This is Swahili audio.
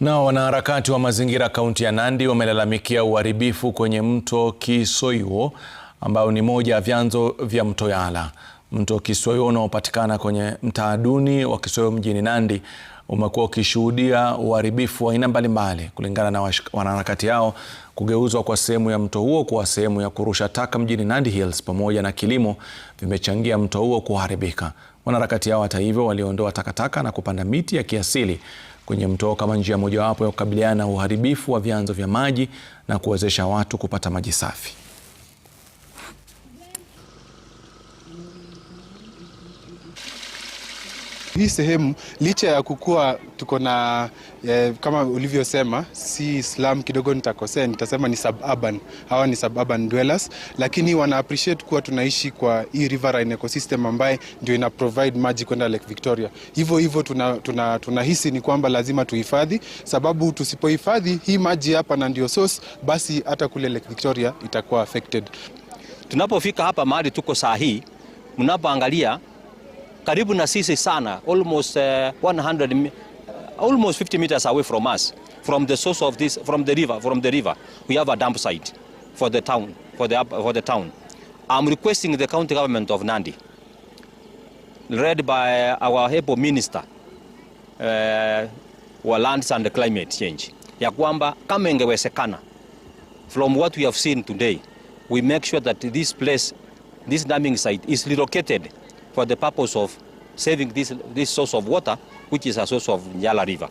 Nao wanaharakati wa mazingira kaunti ya Nandi wamelalamikia uharibifu kwenye mto Kisoiwo ambao ni moja ya vyanzo vya mto Yala. Mto Kisoiwo unaopatikana kwenye mtaa duni wa Kisoiwo mjini Nandi umekuwa ukishuhudia uharibifu wa aina mbalimbali. Kulingana na wanaharakati hao, kugeuzwa kwa sehemu ya mto huo kuwa sehemu ya kurusha taka mjini Nandi Hills pamoja na kilimo vimechangia mto huo kuharibika. Wanaharakati hao hata hivyo waliondoa takataka na kupanda miti ya kiasili kwenye mto kama njia mojawapo ya kukabiliana na uharibifu wa vyanzo vya maji na kuwezesha watu kupata maji safi. Hii sehemu licha ya kukua tuko na eh, kama ulivyosema si slum kidogo, nitakosea nitasema ni suburban. Hawa ni suburban dwellers, lakini wana appreciate kuwa tunaishi kwa hii riverine ecosystem ambaye ndio ina provide maji kwenda Lake Victoria. Hivyo hivyo tunahisi tuna, tuna ni kwamba lazima tuhifadhi, sababu tusipohifadhi hii maji hapa na ndio source, basi hata kule Lake Victoria itakuwa affected. Tunapofika hapa mahali tuko saa hii, mnapoangalia karibu na sisi sana, almost uh, eh, 100 eh, almost 50 meters away from us from the source of this from the river from the river we have a dump site for the town for the for the town. I'm requesting the county government of Nandi, led by our HEPO minister uh, eh, wa lands and climate change, ya kwamba kama ingewezekana from what we have seen today we make sure that this place this damming site is relocated for the purpose of saving this, this source of water, which is a source of Nyala River.